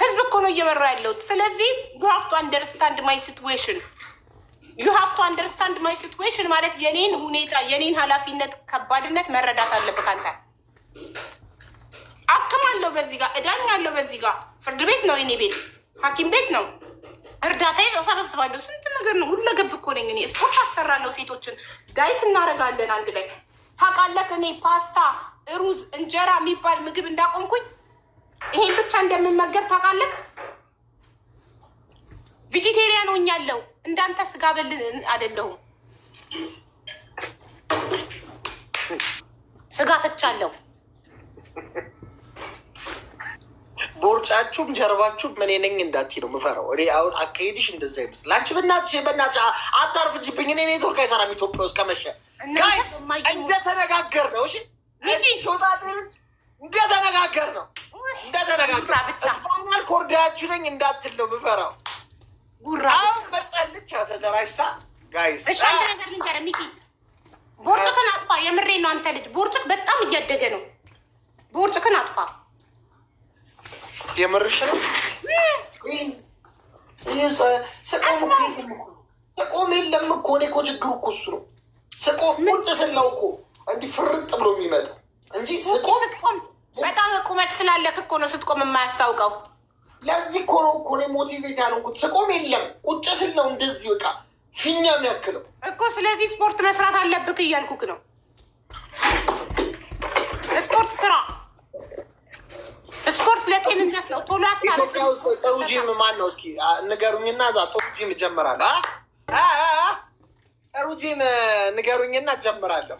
ህዝብ እኮ ነው እየመራ ያለው። ስለዚህ ዩ ሀቭ ቱ አንደርስታንድ ማይ ሲትዌሽን ዩ ሀቭ ቱ አንደርስታንድ ማይ ሲትዌሽን ማለት የኔን ሁኔታ የኔን ኃላፊነት ከባድነት መረዳት አለብህ አንተ። አክማለሁ በዚህ ጋር እዳኛለሁ በዚህ ጋር ፍርድ ቤት ነው የኔ ቤት፣ ሐኪም ቤት ነው። እርዳታ እሰበስባለሁ። ስንት ነገር ነው። ሁለገብ እኮ ነኝ እኔ። ስፖርት አሰራለሁ። ሴቶችን ዳይት እናደርጋለን አንድ ላይ ታውቃለህ። እኔ ፓስታ፣ ሩዝ፣ እንጀራ የሚባል ምግብ እንዳቆምኩኝ ይሄን ብቻ እንደምመገብ ታውቃለህ። ቪጂቴሪያን ሆኛለሁ። እንዳንተ ስጋ በል አይደለሁም። ስጋ ትቻለሁ። ቦርጫችሁም ጀርባችሁም እኔ ነኝ እንዳትዪ ነው የምፈራው። እኔ አሁን አካሄድሽ እንደዛ ይመስል አንቺ በእናትሽ በእናትሽ አታርፍጅብኝ። እኔ ኔትወርክ አይሰራም ኢትዮጵያ ውስጥ ከመሸ ጋይስ እንደተነጋገር ነው እሺ ሾጣጤ ልጅ እንደተነጋገር ነው እንደተነጋገርን ስፓይናል ኮርዳችሁ ነኝ እንዳትል ነው የምፈራው። አሁን መጣልች ተደራጅታ ጋይስ ቦርጭክን አጥፋ። የምሬ ነው። አንተ ልጅ ቦርጭክ በጣም እያደገ ነው። ቦርጭክን አጥፋ። የምርሽ ነው። ስቆም የለም እኮ እኔ እኮ ችግሩ እኮ እሱ ነው። ስቆም ቁጭ ስለው እኮ እንዲህ ፍርጥ ብሎ የሚመጣው እንጂ ስቆም በጣም ቁመት ስላለክ እኮ ነው ስትቆም የማያስታውቀው። ለዚህ ኮኖ ነው እኮ እኔ ሞቲቬት ያልኩት። ስቆም የለም ቁጭ ስል ነው እንደዚህ በቃ ፊኛ የሚያክለው እኮ። ስለዚህ ስፖርት መስራት አለብክ እያልኩክ ነው። ስፖርት ስራ፣ ስፖርት ለጤንነት ነው። ቶሎ ጥሩ ጂም ማን ነው እስኪ ንገሩኝና፣ እዛ ጥሩ ጂም እጀምራለሁ። ጥሩ ጂም ንገሩኝና እጀምራለሁ።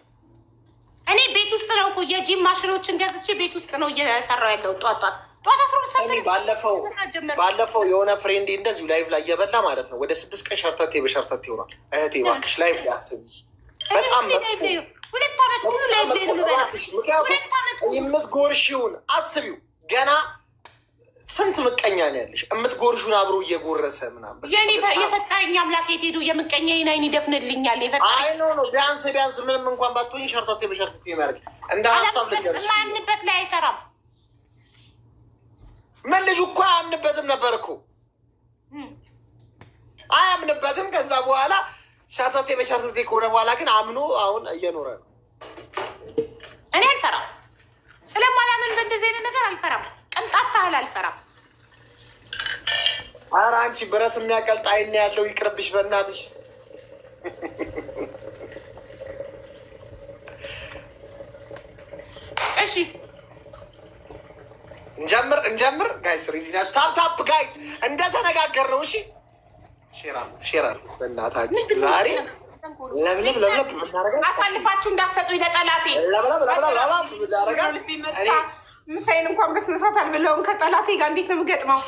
እኔ ቤት ውስጥ ነው እኮ የጂም ማሽኖችን ገዝቼ ቤት ውስጥ ነው እየሰራው ያለው። ጧት ጧት ጧት አስሮ ባለፈው ባለፈው የሆነ ፍሬንዴ እንደዚሁ ላይቭ ላይ እየበላ ማለት ነው ወደ ስድስት ቀን ሸርተቴ በሸርተቴ ይሆናል። እህቴ እባክሽ ላይቭ ላይ አትብይ። በጣም ሁለት ዓመት ምክንያቱም የምትጎርሽውን አስቢው ገና ስንት ምቀኛ ነው ያለሽ? የምትጎርሹን አብሮ እየጎረሰ ምናምን የፈጣኝ አምላክ የት ሄዱ? የምቀኛ አይን ይደፍንልኛል። አይ ነው ቢያንስ ቢያንስ ምንም እንኳን ባትሆኝ ሸርታቴ በሸርታቴ የሚያደርግ እንደ ሀሳብ ልንገርሽ፣ ማንበት ላይ አይሰራም። ምን ልጁ እኮ አያምንበትም ነበር እኮ አያምንበትም። ከዛ በኋላ ሸርታቴ በሸርታቴ ከሆነ በኋላ ግን አምኖ አሁን እየኖረ ነው። እኔ አልፈራም ስለማላምን በእንደዚህ አይነት ነገር አልፈራም። ቅንጣት ታህል አልፈራም። ኧረ አንቺ ብረት የሚያቀልጥ አይን ያለው ይቅርብሽ፣ በእናትሽ እሺ እንጀምር እንጀምር። ጋይስ ሪዲና ታፕ ጋይስ፣ እንደተነጋገር ነው። እሺ ሼር በእናታችሁ ዛሬ ለምለም ለምለም አሳልፋችሁ እንዳትሰጡኝ ለጠላቴ ለምለም ለምለም ለምለም ምሳይን እንኳን በስነሳት ስርዓት ከጠላት ከጠላቴ ጋር እንዴት ነው የምገጥመው?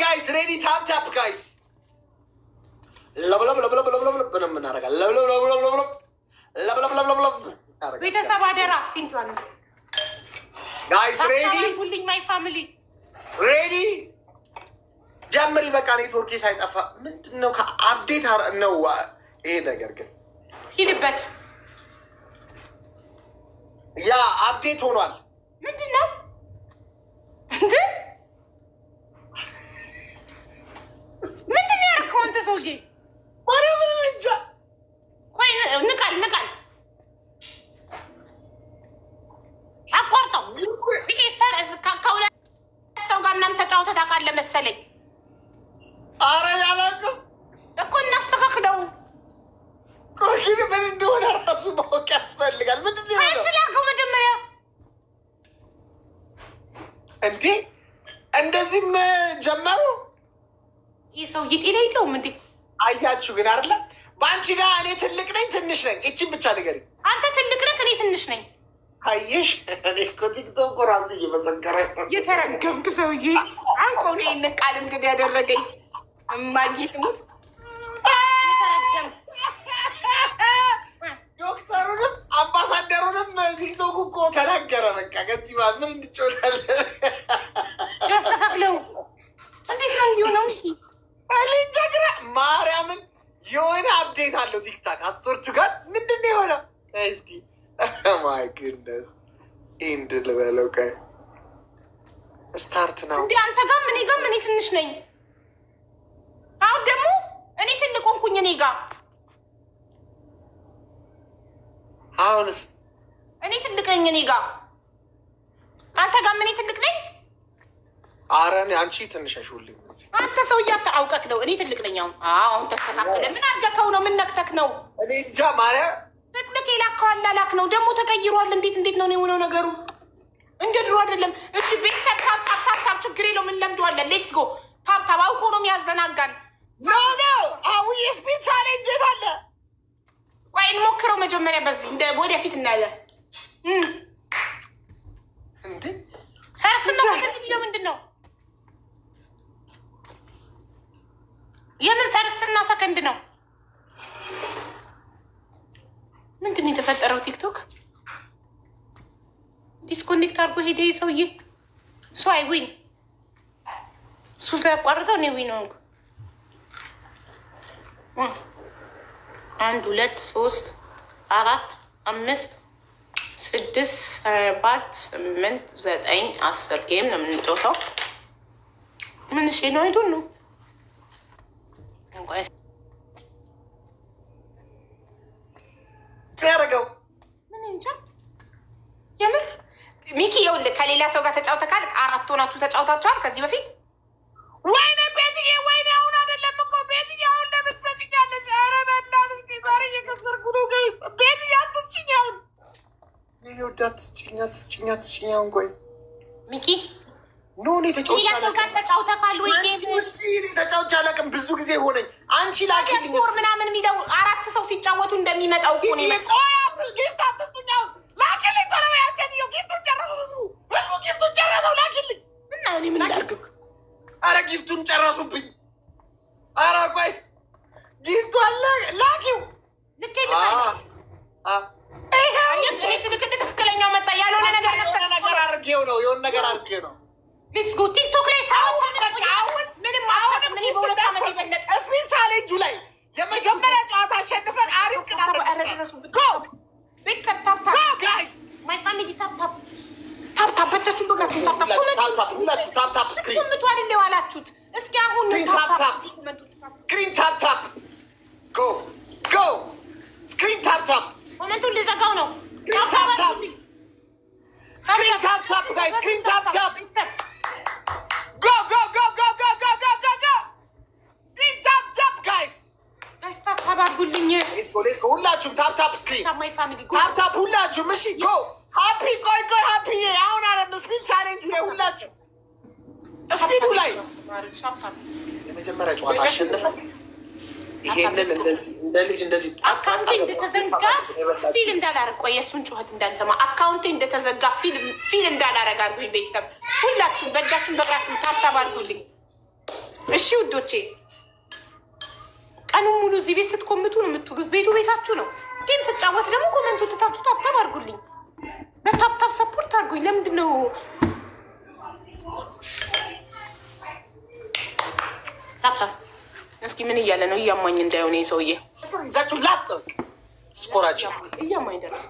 ጋይስ ሬዲ ታፕ ታፕ ጋይስ ቤተሰብ አደራ ትንጫለሁ። ጋይስ ሬዲ ሁልኝ ማይ ፋሚሊ ሬዲ ጀምሪ። በቃ ኔትወርኬ ሳይጠፋ ምንድን ነው ከአፕዴት ነው ይሄ ነገር ግን ሂድበት ያ አፕዴት ሆኗል። ምንድን ነው እንደ ምንድን ነው ያደረገው አንተ ሰውዬ? ኧረ ምንም እንጃ። ቆይ ንቃል ንቃል አቋርጠው ይሄ ፈርስ ከሁለት ሰው ጋር ምናምን ተጫውተህ ታውቃለህ መሰለኝ። ኧረ ያላውቅም ግን ምን እንደሆነ ራሱ ማወቅ ያስፈልጋል። ምንድን ነው ያልከው መጀመሪያ? እንዴ እንደዚህም ጀመሩ። ይህ ሰውዬ ጤና የለውም እንዴ? አያችሁ ግን አይደለ? በአንቺ ጋር እኔ ትልቅ ነኝ ትንሽ ነኝ? ይቺን ብቻ ንገሪኝ። አንተ ትልቅ ነህ፣ እኔ ትንሽ ነኝ። አየሽ፣ እኔ እኮ ቲክቶክ ራሱ እየመሰከረ የተረገምክ ሰውዬ አንቆ ነው ይህን ቃል እንግዲህ ያደረገኝ እማጌ ትሙት አምባሳደሩንም ቲክቶክ እኮ ተናገረ። በቃ ከዚህ ባ ምን እንጫወታለን? ያስተካክለው እንዴት ነው እንዲሆነው? ልንጀግረ ማርያምን የሆነ አብዴት አለው ቲክታክ አስቶርቱ ጋር ምንድን ነው የሆነው? እስኪ ማይ ጉድነስ ኢንድ ልበለው ቀ ስታርት ነው እንዲ አንተ ጋም እኔ ጋም እኔ ትንሽ ነኝ። አሁን ደግሞ እኔ ትንቆንኩኝ እኔ ጋር አሁንስ እኔ ትልቅ ነኝ። እኔ ጋር አንተ ጋር እኔ ትልቅ ነኝ። ኧረ እኔ አንቺ ትንሽ አይሾልኝ። አንተ ሰውዬ አውቀክ ነው። እኔ ትልቅ ነኝ። አሁን አሁን ተስተካከለ። ምን አድርገከው ነው? ምን ነክተክ ነው? እኔ እንጃ። ማርያም ትልቅ የላከዋል አላላክ ነው ደግሞ ተቀይሯል። እንዴት እንዴት ነው የሆነው ነገሩ? እንደ ድሮ አይደለም። እሺ ቤተሰብ ታብታብታብታብ ችግር የለውም እንለምደዋለን። ሌትስ ጎ ታብ አውቆ ነው የሚያዘናጋን። ኖ ኖ አዊ ስፒድ ቻሌንጅ የት አለ ቆይ እንሞክረው መጀመሪያ። በዚህ እንደ ወደፊት እናያለን። ፈርስ ነው ምንድን ነው? የምን ፈርስና ሰከንድ ነው? ምንድን ነው የተፈጠረው? ቲክቶክ ዲስኮኔክት አድርጎ ሄደ ሰውዬ። ሱ አይ ዊን ሱ ስላቋርጠው እኔ ዊን ሆንኩ። አንድ ሁለት ሶስት አራት አምስት ስድስት ሰባት ስምንት ዘጠኝ አስር ጌም ነው የምንጮተው። ምን ሽ ነው አይዱ ነው ያደረገው ምን እንጃ። የምር ሚኪ የውል ከሌላ ሰው ጋር ተጫውተካል። አራት ሆናችሁ ተጫውታችኋል ከዚህ በፊት አትስጭኝ አትስጭኝ። ቆይ ሚኪ ኖ እኔ ብዙ ጊዜ ሆነኝ። አንቺ ላኪ ምናምን የሚለው አራት ሰው ሲጫወቱ እንደሚመጣው እኮ ነው ሌት ጎ ሁላችሁም ታፕታፕ ስክሪን ታፕታፕ ሁላችሁም እሺ ጎ ሀፒ ቆይ ቆይ ሀፒ አሁን አረም ስፒን ቻሌንጅ ላይ ሁላችሁ ስፒዱ ላይ የመጀመሪያ ጨዋታ አሸንፈ ይሄንን እንደዚህ እንደ ልጅ እንደዚህ አካውንቴ እንደተዘጋ ፊል እንዳላረግ ቆይ የእሱን ጩኸት እንዳንሰማ አካውንቴ እንደተዘጋ ፊል እንዳላረግ አድርጉኝ ቤተሰብ ሁላችሁም በእጃችሁም በእግራችሁም ታፕታፕ አድርጉልኝ እሺ ውዶቼ ቀኑን ሙሉ እዚህ ቤት ስትኮምቱ ነው የምትውሉት። ቤቱ ቤታችሁ ነው። ጌም ስጫወት ደግሞ ኮመንቱ ትታችሁ ታብታብ አድርጉልኝ። በታብታብ ሰፖርት አድርጉኝ። ለምንድን ነው እስኪ ምን እያለ ነው? እያማኝ እንዳይሆነ ሰውዬ ዛችሁ ላጥ ስኮራቸው እያማኝ ደረሱ።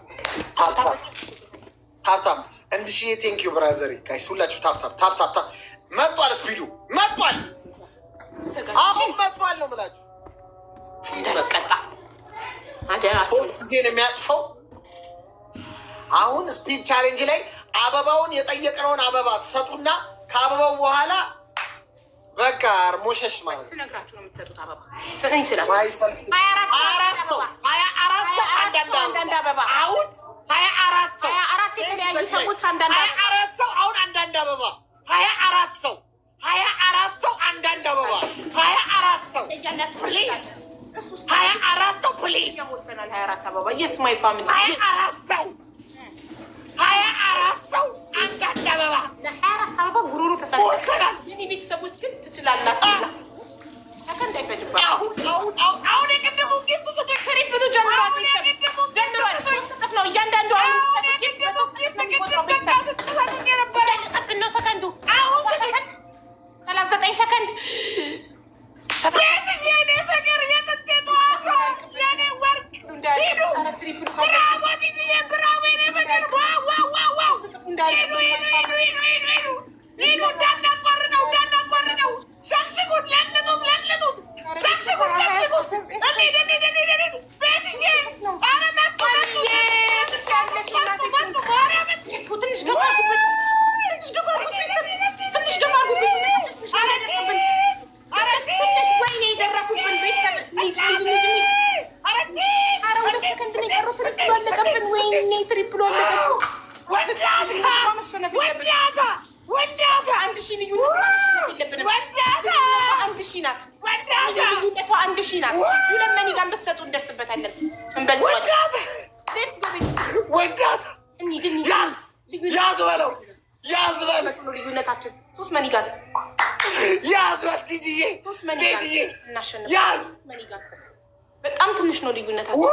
ታብታብ እንድ ሺ ቴንክ ዩ ብራዘሪ ጋይስ ሁላችሁ ታብታብ ታብታብ ታብ መጥቷል። ስፒዱ መጥቷል። አሁን መጥቷል ነው ብላችሁ እንደመቀጣ ሶስት ጊዜ ነው የሚያጥፈው። አሁን ስፒድ ቻሌንጅ ላይ አበባውን የጠየቅነውን አበባ ትሰጡና ከአበባው በኋላ በቃ ሞሸሽ ማለት ነው። ሰው አሁን አንዳንድ አበባ ሀያ አራት ሰው አንዳንድ አበባ አራት ሰው ሀያ አራት ሰው ፕሊዝ፣ ሀያ አራት ሰው ሀያ አራት ሰው አንዳንድ አበባ ሞልተናል። አሁን አሁን የኛ ትሪፕሎ አንድ ሺህ ናት። ለመኒ ጋር ብትሰጡ እንደርስበታለን። በጣም ትንሽ ነው ልዩነታችን።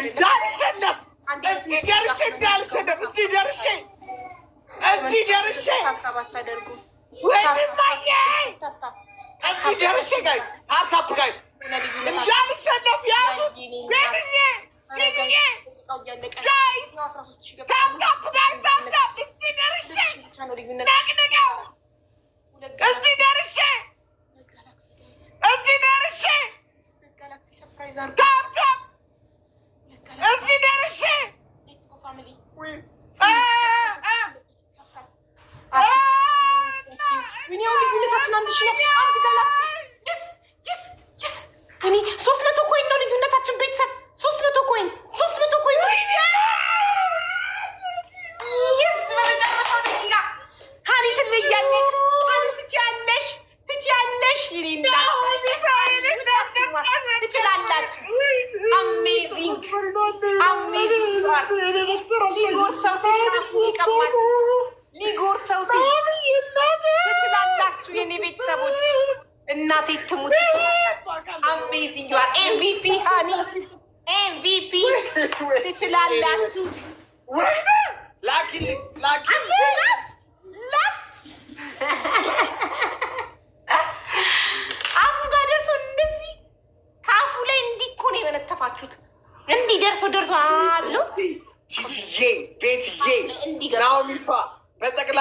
እንዳልሸነፍ እዚህ ደርሼ እንዳልሸነፍ እዚህ ደርሼ እዚህ ደርሼ ወንድማዬ እዚህ ደርሼ ጋይዝ ሀብታፕ ጋይዝ እንዳልሸነፍ ያዙት ቤትዬ ፊትዬ እዚህ ደርሼ እዚህ ደርሼ እዚህ ደርሼ እዚህ ደርሼ ልዩነታችን አንድ ሺህ ነው።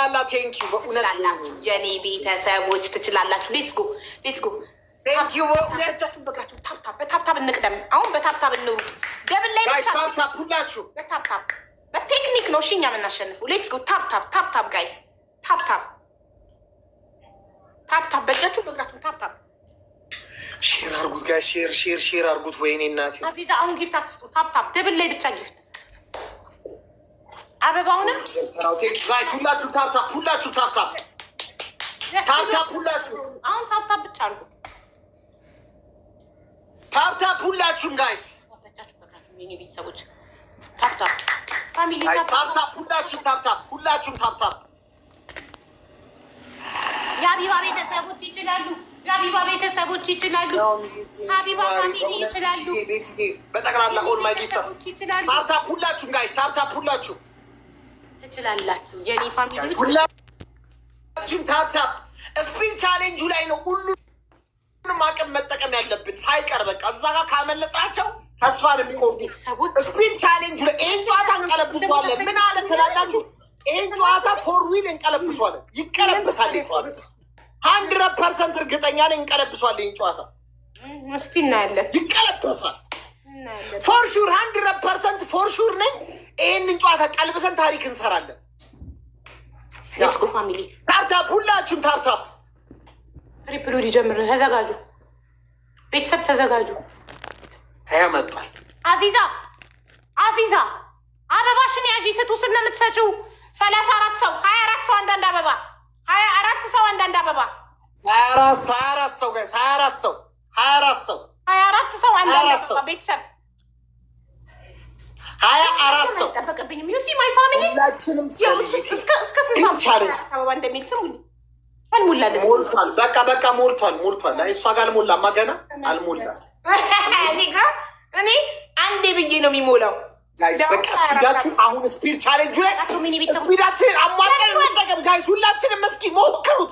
ትችላላ። ቴንኪ በእውነት የኔ ቤተሰቦች ትችላላችሁ። ሌትስ ጎ ሌትስ ጎ በታብታብ እንቅደም። አሁን በታብታብ እንሩጥ። ደብል ላይ ሁላችሁ በታብታብ በቴክኒክ ነው እኛ የምናሸንፈው። ሌትስ ጎ ታብታብ ታብታብ ጋይስ ታብታብ ታብታብ በእጃችሁ በእግራችሁ ታብታብ ሼር አርጉት ጋይስ፣ ሼር ሼር ሼር አርጉት። ወይኔ እናቴ አዚዛ አሁን ጊፍት አትስጡ። ታብታብ ደብል ላይ ብቻ ጊፍት አበባውንም ሁላችሁ ታፕታፕ ሁላችሁ ታፕታፕ ታፕታፕ ሁላችሁ አሁን ታፕታፕ ብቻ አድርጉ። ታፕታፕ ሁላችሁም ጋይስ ቤተሰቦች ታፕታፕ ፋሚሊ ታፕታፕ ሁላችሁም ታፕታፕ ሁላችሁም ታፕታፕ ቤተሰቦች ይችላሉ። የሀቢባ ቤተሰቦች ይችላሉ። ፋሚሊ ይችላሉ። በጠቅላላ ማይ ጌታ ታፕታፕ ሁላችሁም ጋይስ ታፕታፕ ሁላችሁም ትችላላችሁ። የኔ ፋሚሊ ሁላችሁም ታብታብ ስፒን ቻሌንጁ ላይ ነው ሁሉንም አቅም መጠቀም ያለብን ሳይቀር። በቃ እዛ ጋር ካመለጣቸው ተስፋ ነው የሚቆርጡት። ስፒን ቻሌንጁ ይህን ጨዋታ እንቀለብሷለን። ምን አለ ትላላችሁ? ይህን ጨዋታ ፎር ዊል እንቀለብሷለን። ይቀለብሳል። ጨዋታ ሀንድረድ ፐርሰንት እርግጠኛ ነኝ እንቀለብሷለን። ይህን ጨዋታ እስቲ እናያለን። ይቀለበሳል ፎር ሹር፣ ሀንድረድ ፐርሰንት ፎር ሹር ነኝ። ይህንን ጨዋታ ቀልብሰን ታሪክ እንሰራለን። ታፕታፕ፣ ሁላችሁም ታፕታፕ። ትሪፕሉ ሊጀምር ተዘጋጁ፣ ቤተሰብ ተዘጋጁ። ያ መጣል አዚዛ አዚዛ አበባሽን ያዥ። ስጡ ስለምትሰጪው ሰላሳ አራት ሰው ሀያ አራት ሰው አንዳንድ አበባ ሀያ አራት ሰው አንዳንድ አበባ ሀያ አራት ሰው ሀያ አራት ሰው ሀያ አራት ሰው ሀያ አራት ሰው አንዳንድ አበባ ቤተሰብ አይጠበቅብኝም። ዩሲ ማይ ፋሚሊ ሁላችንም እስከ ስንት አበባ እንደሚል ስም አልሞላለት። ሞልቷል፣ በቃ በቃ ሞልቷል፣ ሞልቷል። እሷ ጋር አልሞላማ ገና አልሞላም። እኔ እኔ አንዴ ብዬ ነው የሚሞላው። በቃ ስፒዳችሁ አሁን ስፒድ ቻሌንጁ ላይ ስፒዳችንን አሟጠን እንጠቀም ጋይስ፣ ሁላችንም መስኪ ሞክሩት።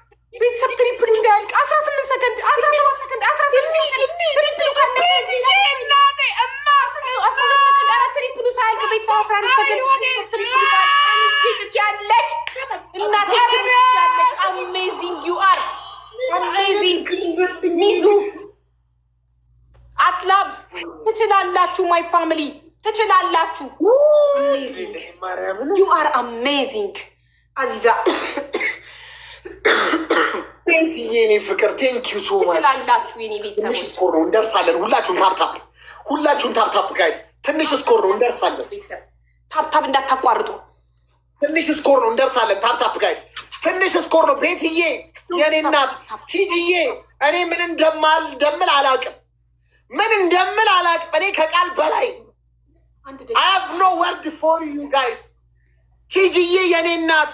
ቤተሰብ ትሪፕሉ እንዳያልቅ አስራ ስምንት ሰከንድ አስራ ሰባት ሰከንድ አስራ ስምንት ሰከንድ ትሪፕሉ ካለ ትሪፕሉ ሳያልቅ ቤተሰብ አስራ አንድ ሰከንድ ትችያለሽ። እናቴ ትችያለሽ። አሜዚንግ ዩ አር አሜዚንግ ሚዙ አትላብ ትችላላችሁ። ማይ ፋሚሊ ትችላላችሁ። ዩ አር አሜዚንግ አዚዛ ቤንዝዬ የኔ ፍቅር ቴንኪዩ ሶ ማች ትንሽ ስኮር ነው እንደርሳለን። ሁላችሁም ታፕታፕ ሁላችሁም ታፕታፕ ጋይስ፣ ትንሽ ስኮር ነው እንደርሳለን። ታፕታፕ እንዳታቋርጡ። ትንሽ ስኮር ነው እንደርሳለን። ታፕታፕ ጋይስ፣ ትንሽ ስኮር ነው። ቤትዬ የኔ እናት ቲጂዬ፣ እኔ ምን እንደማል ደምል አላውቅም፣ ምን እንደምል አላውቅም። እኔ ከቃል በላይ አይ ሃቭ ኖ ወርድ ፎር ዩ ጋይስ። ቲጂዬ የኔ እናት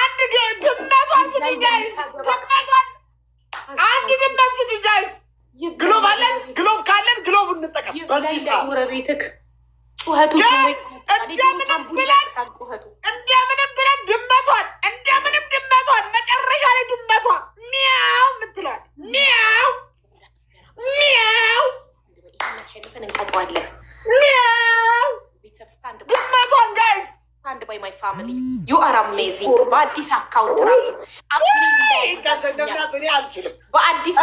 አንድ ድመቷን ስጡኝ ጋይስ፣ ድመቷን አንድ ድመት ስጡኝ ጋይስ። ግሎቭ አለን፣ ግሎቭ ካለን ግሎቭ እንጠቀም። በዚህ እንደምንም ብለን እንደምንም ብለን ድመቷን እንደምንም ድመቷን መጨረሻ ላይ ድመቷ ሚያው የምትለዋል ሚያው ሚያው ሚያው ድመቷን ጋይስ አንድ ባይ ማይ ፋሚሊ ዩ አር አሜዚንግ። በአዲስ አካውንት ራሱ በአዲስ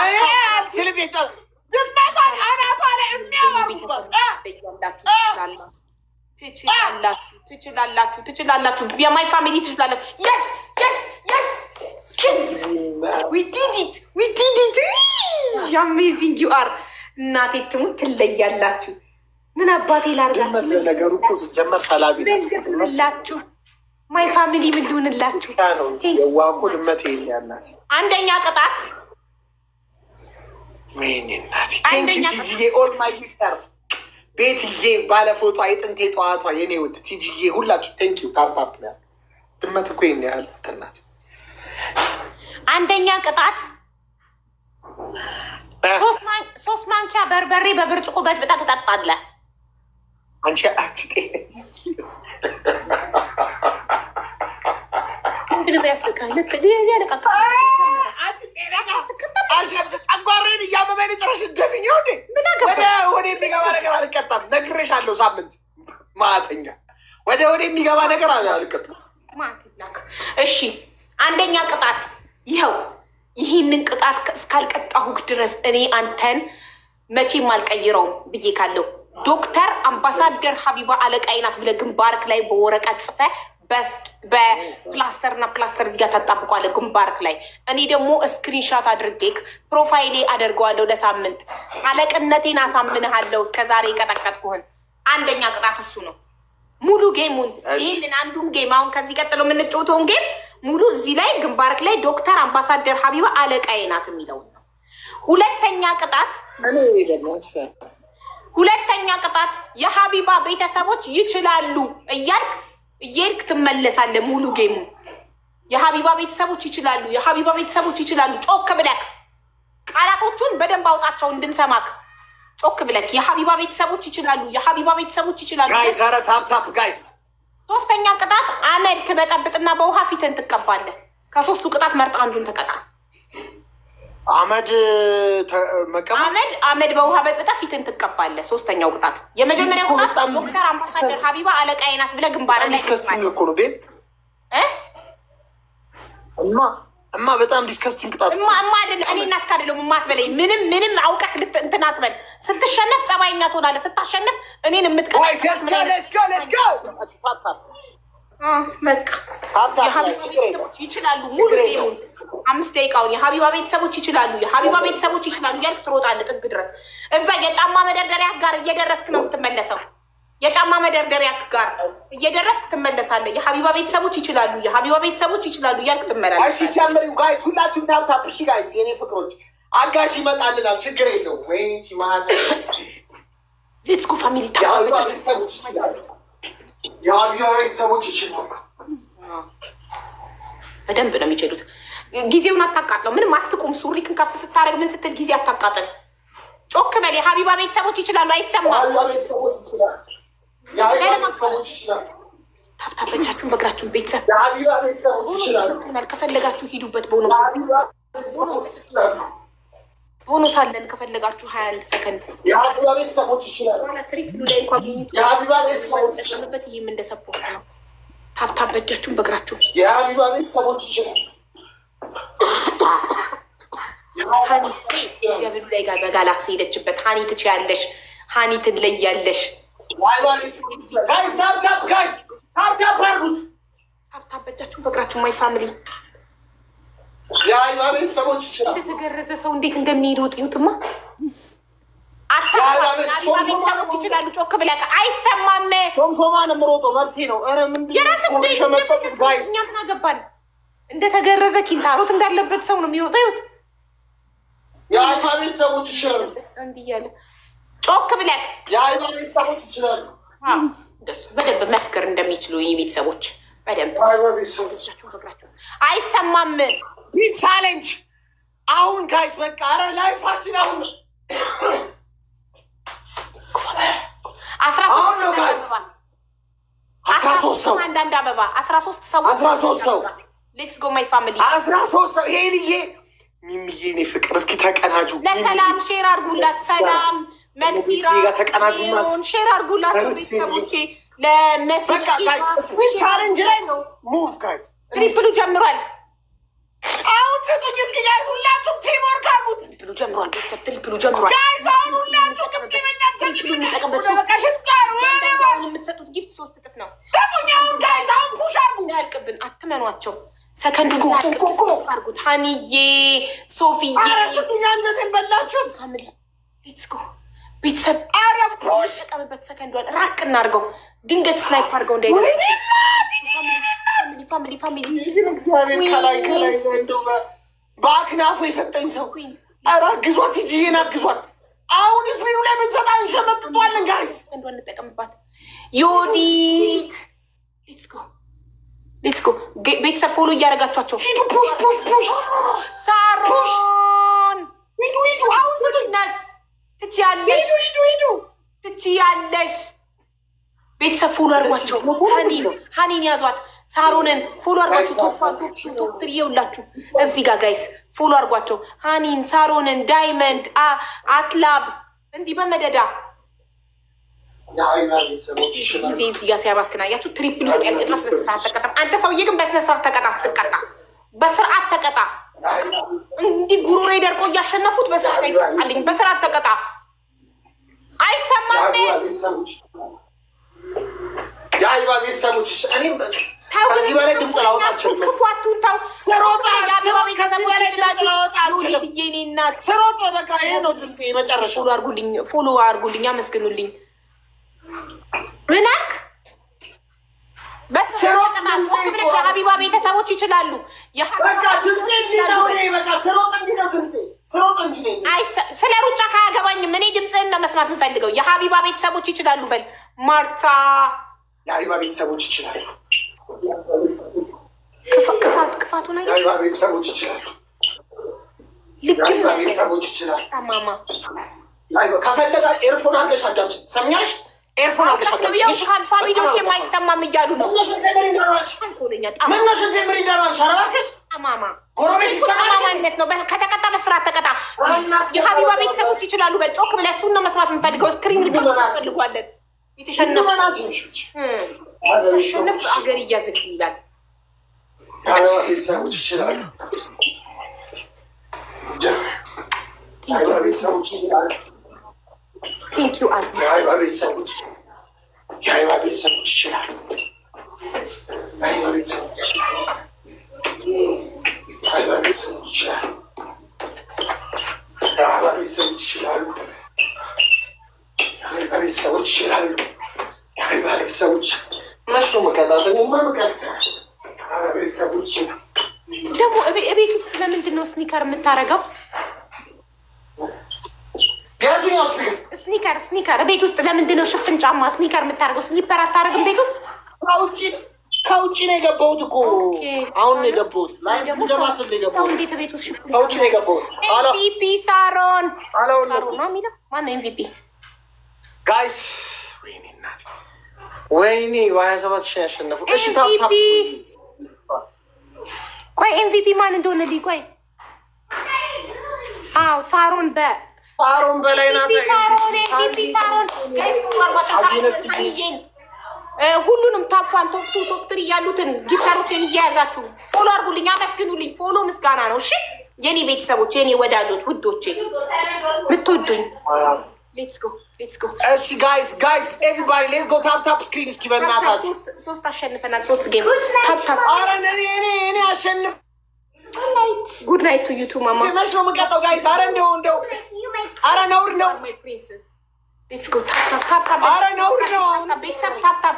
ትችላላችሁ፣ ትችላላችሁ፣ የማይ ፋሚሊ ትችላላችሁ። የስ የስ የስ ዊዲዲት ዊዲዲት አሜዚንግ ዩ አር እናቴ ትሙት ትለያላችሁ። ምን አባቴ ላርጋችሁ? ነገሩ እኮ ሲጀመር ሰላቢ ላችሁ ማይ ፋሚሊ ምን ሊሆንላችሁ? የዋቁ ድመት ያላት አንደኛ ቅጣት ቤትዬ ባለፎቶ አይጥንቴ ጠዋቷ የኔ ውድ ቲጂዬ ሁላችሁ ቴንክ ታርታፕ ያል ድመት እኮ ይሄን ያህል ትናት አንደኛ ቅጣት ሶስት ማንኪያ በርበሬ በብርጭቆ በጥብጣ ትጠጣለህ። አንቺ አትጤ ጨጓራዬን እያመመኝ ደፍኝ ነው እንዴ? ወደ የሚገባ ነገር አልቀጣም። ነግሬሻለሁ። ሳምንት ማተኛ ወደ የሚገባ ነገር አልቀጣም። እሺ፣ አንደኛ ቅጣት ይኸው። ይህንን ቅጣት እስካልቀጣሁህ ድረስ እኔ አንተን መቼም አልቀይረውም ብዬ ካለው ዶክተር አምባሳደር ሀቢባ አለቃዬ ናት ብለህ ግንባርክ ላይ በወረቀት ጽፈ በፕላስተር እና ፕላስተር እዚጋ ታጣብቋለ ግንባርክ ላይ። እኔ ደግሞ ስክሪንሻት አድርጌክ ፕሮፋይሌ አደርገዋለሁ ለሳምንት። አለቅነቴን አሳምንሃለሁ። እስከዛሬ የቀጠቀጥኩህን አንደኛ ቅጣት እሱ ነው። ሙሉ ጌሙን ይህንን አንዱን ጌም አሁን ከዚህ ቀጥሎ የምንጫወተውን ጌም ሙሉ እዚህ ላይ ግንባርክ ላይ ዶክተር አምባሳደር ሀቢባ አለቃዬ ናት የሚለውን ነው። ሁለተኛ ቅጣት ሁለተኛ ቅጣት የሀቢባ ቤተሰቦች ይችላሉ እያልክ እየሄድክ ትመለሳለህ። ሙሉ ጌሙ የሀቢባ ቤተሰቦች ይችላሉ፣ የሀቢባ ቤተሰቦች ይችላሉ። ጮክ ብለክ ቃላቶቹን በደንብ አውጣቸው እንድንሰማክ። ጮክ ብለክ የሀቢባ ቤተሰቦች ይችላሉ፣ የሀቢባ ቤተሰቦች ይችላሉ። ሶስተኛ ቅጣት አመድ ትበጠብጥና በውሃ ፊትን ትቀባለህ። ከሶስቱ ቅጣት መርጣ አንዱን ተቀጣ። አመድ አመድ አመድ በውሃ በጥብጣ ፊትን ትቀባለህ። ሶስተኛው ቅጣት የመጀመሪያው ቅጣት ዶክተር አምባሳደር ሀቢባ አለቃዬ ናት ብለህ ግንባር ላይ እኮ ነው ቤት እማ እማ በጣም ዲስከስቲንግ ቅጣት እማ እማ አይደለም እኔ እናት ካደለም እማት በለኝ። ምንም ምንም አውቀህ እንትን አትበል። ስትሸነፍ ጸባይኛ ትሆናለህ። ስታሸንፍ እኔን የምትቀ ይችላሉ ሙሉ አምስት ደቂቃውን የሀቢባ ቤተሰቦች ይችላሉ፣ የሀቢባ ቤተሰቦች ይችላሉ እያልክ ትሮጣለህ ጥግ ድረስ። እዛ የጫማ መደርደሪያ ጋር እየደረስክ ነው የምትመለሰው። የጫማ መደርደሪያ ጋር እየደረስክ ትመለሳለህ። የሀቢባ ቤተሰቦች ይችላሉ፣ የሀቢባ ቤተሰቦች ይችላሉ እያልክ ትመላለስ። እሺ ጨምሪው ጋይስ፣ ሁላችሁም ታብታብ። እሺ ጋይስ፣ የኔ ፍቅሮች አጋዥ ይመጣልናል፣ ችግር የለውም። ወይኔ ቺ ማዘ ሌትስ ጎ ፋሚሊ ታ ቤተሰቦች ይችላሉ የአብያ ቤተሰቦች ይችላሉ። በደንብ ነው የሚችሉት። ጊዜውን አታቃጥለው። ምንም አትቁም። ሱሪክን ከፍ ስታደርግ ምን ስትል ጊዜ አታቃጥል። ጮክ በል። የሀቢባ ቤተሰቦች ይችላሉ። አይሰማም። ታብታብ በእጃችሁን በእግራችሁን ቤተሰብ ከፈለጋችሁ ሂዱበት በሆነ ሆኖ ሳለን ከፈለጋችሁ ሀያ አንድ ሰከንድ የሀቢባ ቤተሰቦች ይችላሉ። ይህም እንደ ሰፖርት ነው። ታብታብ በእጃችሁም በእግራችሁም የሀቢባ ቤተሰቦች ይችላሉ። ገብሉ ላይ ጋር በጋላክሲ ሄደችበት። ሀኒ ትችያለሽ፣ ሀኒ ትለያለሽ። ታብታብ በእጃችሁም በእግራችሁም ማይ ፋሚሊ ቤተሰቦች ይችላል። የተገረዘ ሰው እንዴት እንደሚሄድ ወጥዩትማ ቤተሰቦች ይችላሉ። እንደተገረዘ ኪንታሮት እንዳለበት ሰው ነው የሚሮጠው። ይኸውት የአይባ ቤተሰቦች ይችላሉ። ጮክ ብለህ የአይባ ቤተሰቦች ይችላሉ። እንደሱ በደንብ መስክር እንደሚችሉ የቤተሰቦች በደንብ አይሰማም። ይህ ቻሌንጅ አሁን ጋይስ በቃ ኧረ ላይፋችን አሁን አሁን ነው ጋይስ። አስራ ሶስት ሰው አንዳንድ አበባ አስራ ሶስት ሰው አስራ ሶስት ሰው ሌትስ ጎ ማይ ፋሚሊ አስራ ሶስት ሰው ሚሚዬ እኔ ፍቅር እስኪ ተቀናጁ። ለሰላም ሼር አድርጉላት። ሰላም መግቢራ ተቀናጁና ሼር አድርጉላት ቤተሰቦቼ። ቻሌንጅ ላይ ሙቭ ጋይስ ትሪፕሉ ጀምሯል። አሁን ስጡኝ እስኪ ጋይ ሁላችሁ ቲምወርክ አርጉት። ትሪፕሉ ጀምሯል። ቤተሰብ ትሪፕሉ ጀምሯል። ጋይዝ አሁን ሁላችሁ እስኪ የምትሰጡት ጊፍት ሶስት እጥፍ ነው። ስጡኝ አሁን ጋይዝ፣ አሁን ፑሽ አርጉ። ያልቅብን አትመኗቸው። ሰከንድ ኮኮ አርጉት። ሀኒዬ ሶፊዬ፣ ስጡኝ አንጀቴን በላችሁት። ፋሚሊ ሌትስ ጎ ቤተሰብ ኧረ ቦሽ ቀምበት ሰከንዷን ራቅ እናድርገው። ድንገት ስናይፕ አድርገው እንዳይ ፋሚሊ ፋሚሊ እግዚአብሔር ከላይ ከላይ እንደው በአክናፉ የሰጠኝ ሰው ኧረ አግዟት፣ ይጂዬን አግዟት። አሁን ስሚኑ ላይ ብንሰጣ እንሸመጥቷለን። ጋይስ ሰከንዷን እንጠቀምባት። ዮኒት ሌትስ ጎ ሌትስ ጎ ቤተሰብ ፎሎ እያደረጋችኋቸው ሂዱ። ፑሽ ፑሽ ፑሽ ሳሮን ሂዱ ሂዱ አሁን ስድነስ ትችያለሽ፣ ትችያለሽ። ቤተሰብ ፎሎ አድርጓቸው። ሀኒን ያዟት፣ ሳሮንን ፎሎ አድርጓቸው። ቶፕትሪ እዚህ ጋር ጋይስ ፎሎ አድርጓቸው። ሀኒን፣ ሳሮንን፣ ዳይመንድ፣ አትላብ እንዲህ በመደዳ ጊዜ እዚህ ጋር ሲያባክን አያችሁ። ትሪፕል ውስጥ ያልቅጣ። አንተ ሰውዬ ግን በስነስርዓት ተቀጣ፣ ስትቀጣ በስርዓት ተቀጣ። እንዲህ ጉሮሬ ደርቆ እያሸነፉት በስርዓት አይጠቃልኝ። በስርዓት ተቀጣ። አይሰማም። የአይባ ቤተሰቦች እኔም ከዚህ በላይ ድምፅ ክፉ አትውታው። አድርጉልኝ፣ አመስግኑልኝ። የሀቢባ ቤተሰቦች ይችላሉ። ስለ ሩጫ ካያገባኝም እኔ ድምፅህን ነው መስማት የምፈልገው። የሀቢባ ቤተሰቦች ይችላሉ። በል ማርታ፣ የሀቢባ ቤተሰቦች ይችላሉ። ክፋቱ ቤተሰቦች ይችላሉ። ቤተሰቦች ይችላሉ። ከፈለጋ ኤርፎን አድርገሽ አዳምጪ። ሰሚያሽ ኤርፎን ፋሚሊዎች የማይሰማም እያሉ ነው። ማማነት ነው። ከተቀጣ በስርዓት ተቀጣ። የሀቢባ ቤተሰቦች ይችላሉ። በጮክ ብለህ እሱን ነው መስማት የምንፈልገው። ስክሪን እንፈልጓለን። የተሸነፍ አገር እያዝግ ይላል። ቤተሰቦች ይችላሉ። ቤተሰቦች ይችላሉ የሃይማ ቤተሰቦች የሃይማ ቤተሰቦች ይችላሉ። ቤተሰቦች ይችላሉ። የሃይማ ቤተሰቦች ይችላሉ። የሃይማ ቤተሰቦች ይችላሉ። የሃይማ ቤተሰቦች ይችላሉ። የሃይማ ቤተሰቦች መሽሮ መከታተል ማ ቤተሰቦች ደግሞ እቤት ውስጥ ለምንድን ነው ስኒከር የምታደርገው? ስኒከር ስኒከር ቤት ውስጥ ለምንድን ነው ሽፍን ጫማ ስኒከር የምታደርገው? ስሊፐር አታደርግም ቤት ውስጥ? ከውጭ ነው የገባሁት እኮ አሁን ነው የገባሁት። እንዴት ቤት ውስጥ ከውጭ ነው የገባሁት? ኤምቪፒ ሳሮን ሚለው ማነው ኤምቪፒ? ጋይስ ወይኔ እናቴ ወይኔ በሀያ ሰባት ሺህ ያሸነፉት። እሺ ታታ ቆይ ኤምቪፒ ማን እንደሆነ ልይ አዎ ሳሮን በ ሳሮን በላይ ናት። ሁሉንም ታኳን ቶፕቱ ቶፕትሪ ያሉትን ጊፍተሮችን እየያዛችሁ ፎሎ አርጉልኝ፣ አመስግኑልኝ። ፎሎ ምስጋና ነው። እሺ የኔ ቤተሰቦች፣ የኔ ወዳጆች፣ ውዶቼ ምትወዱኝ ሌትስ ሌትስ ጎ ጎ። እሺ ጋይስ ጋይስ ኤቭሪባዲ ሌትስ ጎ ታፕ ታፕ ስክሪን እስኪ በእናታችሁ ሶስት አሸንፈናል። ሶስት ጌም ታፕ ታፕ አረ እኔ አሸንፍ ጉድ ናይት ዩቱ ማማ መሽ ነው የምቀጠው። ጋይስ አረ እንደው እንደው አረ ነውር ነው። አረ ነውር ነው። ቤተሰብ ታፕታፕ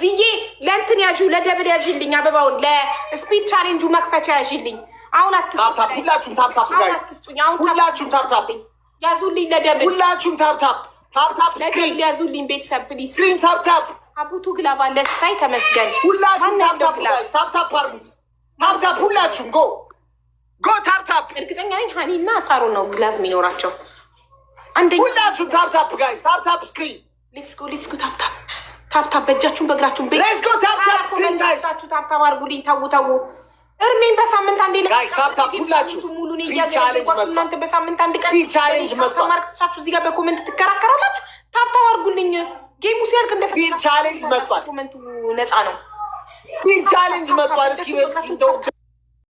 ዝዬ ለእንትን ያዥ ለደብል ያዥልኝ አበባውን ለስፒድ ቻሌንጁ መክፈቻ ያዥልኝ። አሁን አትስጡኝ፣ ሁላችሁም ታፕታፕ ጋይስ፣ ሁላችሁም ታፕታፕ ያዙልኝ ለደብል፣ ሁላችሁም ታፕታፕ ታፕታፕ ስክሪን ያዙልኝ ቤተሰብ ፕሊዝ፣ ስክሪን ታፕታፕ አቡቱ ግላባ ለሳይ ተመስገን፣ ሁላችሁም ታፕታፕ ታፕታፕ አርጉት ታፕታፕ ሁላችሁም ጎ ጎ ታፕታፕ። እርግጠኛ ነኝ ሀኒ እና ሳሮ ነው ግላቭ የሚኖራቸው። አንደኛ ሁላችሁም ታፕታፕ ጋይስ፣ ታፕታፕ ስክሪን ሌትስ ጎ ሌትስ ጎ ታፕታፕ ታፕታፕ በእጃችሁን በእግራችሁን ሌትስ ጎ ታፕታፕ ታፕታፕ አድርጉልኝ። ታው ታው እርሜን በሳምንት አንዴ ጋይስ፣ በሳምንት አንድ ቀን ቻሌንጅ መጣ እዚህ ጋር በኮመንት ትከራከራላችሁ። ታፕታፕ አድርጉልኝ። ጌሙ ሲያልቅ እንደፈ ቻሌንጅ መጥቷል። ኮመንቱ ነፃ ነው። ፒን ቻሌንጅ መጥቷል። እስኪ በስኪ እንደው